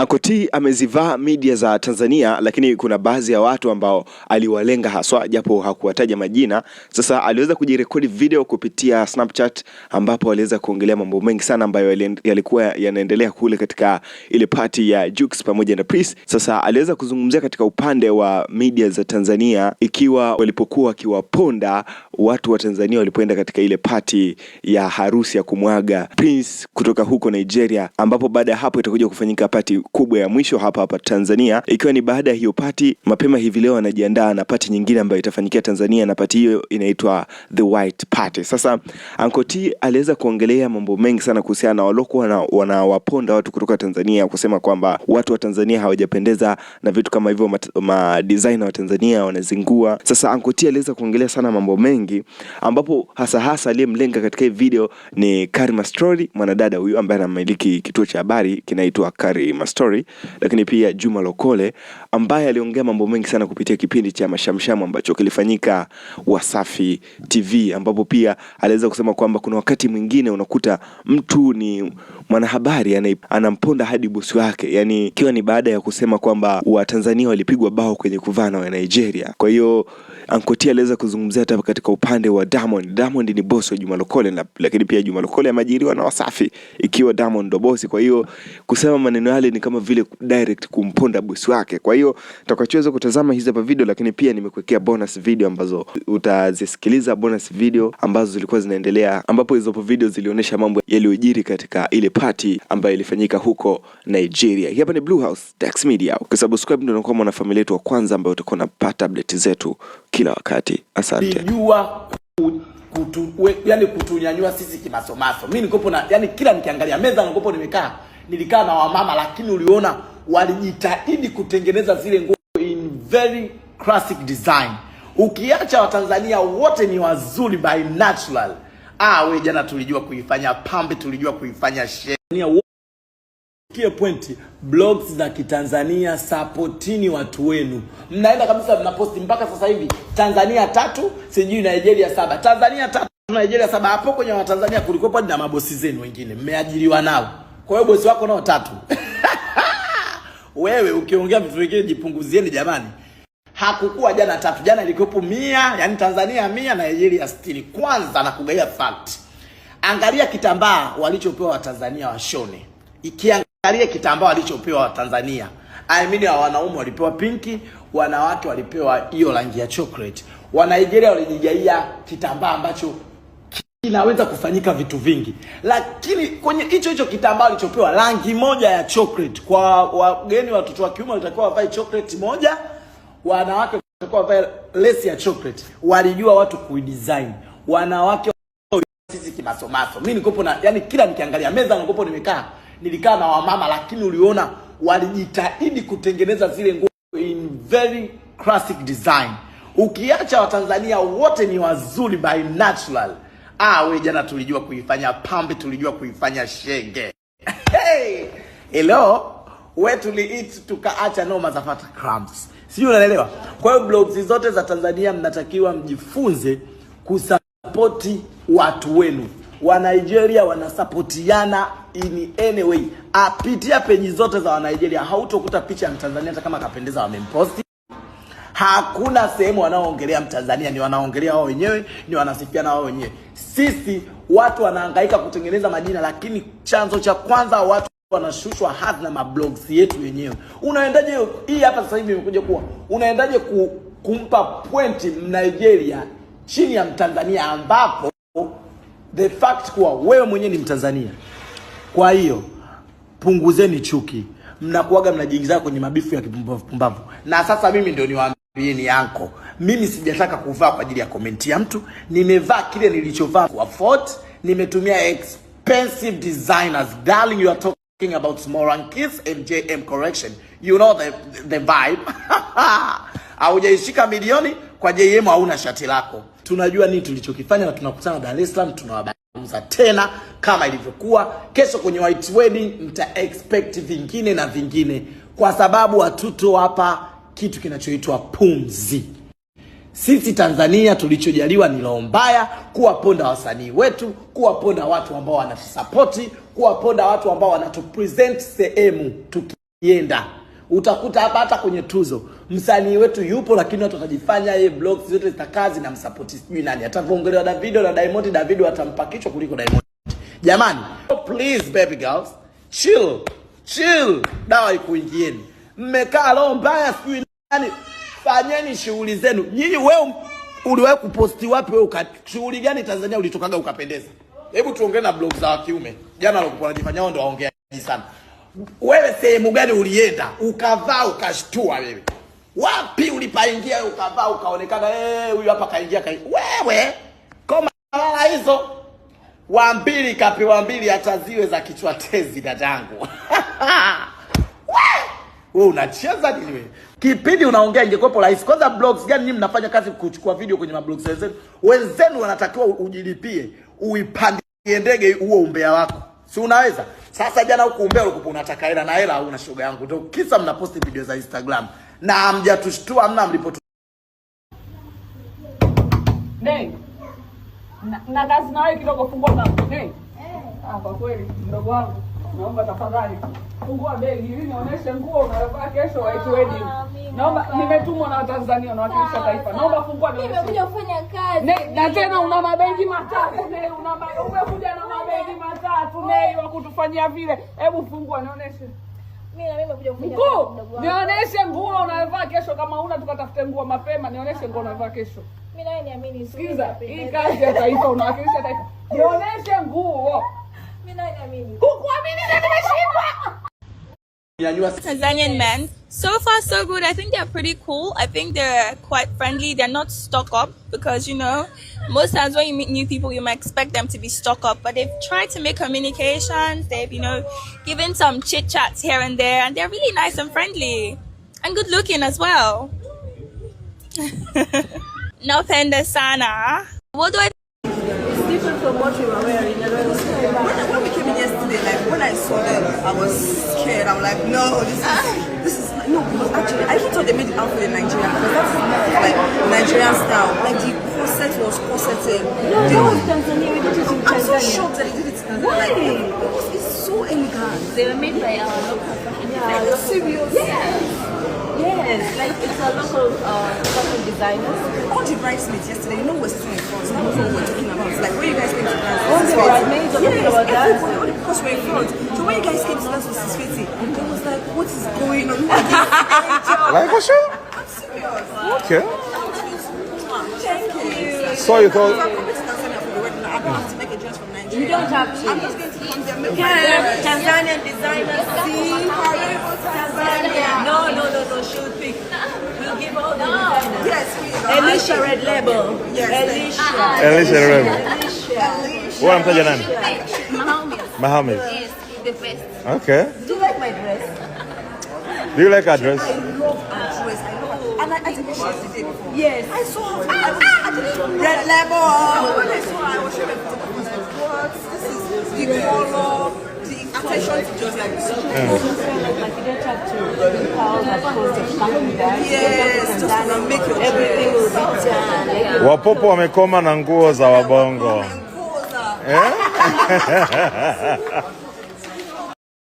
Ankotii amezivaa media za Tanzania, lakini kuna baadhi ya watu ambao aliwalenga haswa, japo hakuwataja majina. Sasa aliweza kujirekodi video kupitia Snapchat, ambapo aliweza kuongelea mambo mengi sana ambayo yalikuwa yanaendelea kule katika ile party ya Jux pamoja na Priest. Sasa aliweza kuzungumzia katika upande wa media za Tanzania, ikiwa walipokuwa wakiwaponda watu wa Tanzania walipoenda katika ile pati ya harusi ya kumwaga Prince kutoka huko Nigeria, ambapo baada ya hapo itakuja kufanyika pati kubwa ya mwisho hapa hapa Tanzania, ikiwa ni baada ya hiyo pati. Mapema hivi leo wanajiandaa na pati nyingine ambayo itafanyikia Tanzania, na pati hiyo inaitwa The White Party. Sasa ankoti T aliweza kuongelea mambo mengi sana kuhusiana na waliokuwa wanawaponda watu kutoka Tanzania, kusema kwamba watu wa Tanzania hawajapendeza na vitu kama hivyo, ma designer wa Tanzania wanazingua. Sasa ankoti T aliweza kuongelea sana mambo mengi wengi, ambapo hasa hasa aliyemlenga katika hii video ni Karima Story, mwanadada huyu ambaye anamiliki kituo cha habari kinaitwa Karima Story, lakini pia Juma Lokole ambaye aliongea mambo mengi sana kupitia kipindi cha Mashamshamu ambacho kilifanyika Wasafi TV, ambapo pia aliweza kusema kwamba kuna wakati mwingine unakuta mtu ni mwanahabari anamponda hadi bosi wake, yani ikiwa ni baada ya kusema kwamba Watanzania walipigwa bao kwenye kuvana wa Nigeria. Kwa hiyo Ankoti aliweza kuzungumzia hata katika upande wa Diamond. Diamond ni bosi wa Juma Lokole, lakini pia Juma Lokole ameajiriwa na Wasafi, ikiwa Diamond ndo bosi. Kwa hiyo kusema maneno yale ni kama vile direct kumponda bosi wake. Kwa hiyo tutakachoweza kutazama hizi hapa video, lakini pia nimekuwekea bonus video ambazo utazisikiliza, bonus video ambazo zilikuwa zinaendelea, ambapo hizo video zilionyesha mambo yaliyojiri katika ile party ambayo ilifanyika huko Nigeria. hapa ni Blue House Dax Media. Ukisubscribe ndio unakuwa mwanafamilia yetu wa kwanza ambayo utakuwa unapata update zetu kila wakati. Asante. kutu, we, yani kutunyanyua sisi kimasomaso. Mimi nikopo na yani kila nikiangalia meza nikopo nimekaa nilikaa na wamama lakini uliona walijitahidi kutengeneza zile nguo in very classic design. Ukiacha Watanzania wote ni wazuri by natural ah, we jana tulijua kuifanya pambe, tulijua kuifanya share. Kia blogs za Kitanzania supportini watu wenu. Mnaenda kabisa mnaposti mpaka sasa hivi Tanzania tatu, sijui Nigeria saba. Tanzania tatu, Nigeria saba. Hapo kwenye Watanzania kulikuwa na mabosi zenu wengine mmeajiriwa nao. Kwa hiyo bosi wako nao tatu. Wewe ukiongea vitu vingine jipunguzieni jamani hakukuwa jana tatu, jana ilikuwepo mia, yani Tanzania mia na Nigeria sitini. Kwanza na kugaia fact, angalia kitambaa walichopewa Watanzania washone, ikiangalia kitambaa walichopewa Watanzania I mean, wa wanaume walipewa pinki, wanawake walipewa hiyo rangi ya chocolate. Wa Nigeria walijigaia kitambaa ambacho kinaweza kufanyika vitu vingi, lakini kwenye hicho hicho kitambaa walichopewa rangi moja ya chocolate. Kwa wageni watoto wa kiume walitakiwa wavae chocolate moja wanawake vile lesi ya chocolate, walijua watu kuidesign wanawake sisi kimasomaso. Mimi nikopo na yani, kila nikiangalia meza nikopo nimekaa nilikaa na wamama, lakini uliona walijitahidi kutengeneza zile nguo in very classic design. Ukiacha Watanzania wote ni wazuri by natural. Ah, we jana tulijua kuifanya pambe, tulijua kuifanya shenge. Hey, hello we eat tukaacha no mazafata cramps si unaelewa. Kwa hiyo blogs zote za Tanzania mnatakiwa mjifunze kusapoti watu wenu wa Nigeria wanasapotiana in any way. Apitia ah, peji zote za Nigeria hautokuta picha ya Mtanzania hata kama kapendeza wamemposti. Hakuna sehemu wanaoongelea Mtanzania, ni wanaongelea wao wenyewe, ni wanasifiana wao wenyewe. Sisi watu wanahangaika kutengeneza majina, lakini chanzo cha kwanza watu wanashushwa hadhi na mablogs yetu wenyewe. Unaendaje hii hapa sasa hivi imekuja kuwa unaendaje ku, kumpa point Mnigeria chini ya Mtanzania ambapo the fact kuwa wewe mwenyewe ni Mtanzania. Kwa hiyo punguzeni chuki, mnakuaga mnajiingiza kwenye mabifu ya kipumbavu Na sasa mimi ndio niwaambie ni yanko, mimi sijataka kuvaa kwa ajili ya komenti ya mtu, nimevaa kile nilichovaa kwa fort, nimetumia expensive designers darling, you are talking talking about Smoran Kids and JM Correction. You know the, the vibe. Haujaishika milioni kwa JM hauna shati lako. Tunajua nini tulichokifanya na tunakutana Dar es Salaam tunawabungumza tena kama ilivyokuwa. Kesho kwenye White Wedding mta expect vingine na vingine kwa sababu watoto hapa kitu kinachoitwa pumzi. Sisi Tanzania tulichojaliwa ni roho mbaya, kuwaponda wasanii wetu, kuwaponda watu ambao wanatusapoti, kuwaponda watu ambao wanatupresent sehemu tukienda utakuta hapa hata kwenye tuzo msanii wetu yupo, lakini watu watajifanya yeye blogs zote za kazi na msapoti sijui nani, atavongelewa Davido na Diamond. Davido atampa kichwa kuliko Diamond. Jamani, oh, please baby girls, chill chill, dawa ikuingieni. Mmekaa roho mbaya sijui nani fanyeni shughuli zenu nyinyi. Wewe um-, uliwahi kuposti wapi wewe? Shughuli gani Tanzania ulitokaga ukapendeza? Hebu tuongee na blog za wakiume jana, walikuwa wanajifanya wao ndio waongeaji sana. Wewe sehemu gani ulienda ukavaa ukashtua? Wewe wapi ulipaingia ukavaa ukaonekana eh, huyu hey, hapa kaingia kai. Wewe koma wala hizo wa mbili kapewa mbili, hata ziwe za kichwa tezi dadangu. wewe unacheza nini wewe? Kipindi unaongea ingekuwepo rahisi. Kwanza blogs gani nyinyi mnafanya kazi kuchukua video kwenye mablogs wenzenu? Wenzenu wanatakiwa ujilipie, uipandie ndege huo umbea wako. Si unaweza? Sasa jana huko umbea ulikuwa unataka hela na hela au una shoga yangu. Ndio kisa mnaposti video za Instagram na hamjatushtua mlipo tu. Nei. Na, na kazi na wewe kidogo fungua baba. Nei. Eh. Ah, kwa kweli mdogo wangu naomba tafadhali fungua begi ili nionyeshe nguo unayovaa kesho white ah, wedding. Naomba nimetumwa na Watanzania unawakilisha taifa, naomba fungua nionyeshe. Nimekuja kufanya kazi na tena una mabegi matatu Nei, una umekuja na mabegi matatu Nei wa kutufanyia vile. Hebu fungua nionyeshe mkuu, nionyeshe nguo unayovaa kesho. Kama una tukatafute nguo mapema, nionyeshe nguo unayovaa kesho. Sikiza, hii kazi ya taifa unawakilisha taifa, nionyeshe nguo. Tanzanian men. So far, so good. I think they're pretty cool. I think they're quite friendly. They're not stuck up because, you know, most times when you meet new people, you might expect them to be stuck up. But they've tried to make communications. They've, you know, given some chit chats here and there. And they're really nice and friendly and good looking as well. No Napenda sana. What do I? It's different from what you were wearing like when I saw them, I was scared. I'm like, no, this is this is no because actually I even thought they made it out for the Nigerian because that's like Nigerian style. Like the corset was corseting. No, they was Tanzania. We did it in Tanzania. I'm so shocked that they did it in Tanzania. Why? Like, it's so elegant. They were made by our uh, local. Yeah, like, local. serious. Yeah. Yes, like it's a local uh, local designers. I called you bridesmaids yesterday. You know we're still in France. That was what we're talking about bridesmaids yes, in front. So when you guys came to dance with Sis I was like, what is going on? like a show? I'm serious. Okay. Thank you. So you thought. I don't have to make a from You don't have to. I'm just going to come there Tanzanian designer, see? Tanzania. No, no, no, no. She'll pick. We'll give all the designers. Yes, we are. Elisha Red Label. Yes. Elisha. Red Label. Wewe unamtaja nani? Mohamed. Yes, the best. Okay. Do you like my dress? Do you like her dress? I love her dress. I love her. And I, I think she before. Yes. I saw her. Ah, I ah, Red Level. When I saw her, I was like, what? This is the color, Wapopo wamekoma na nguo za wabongo. 예?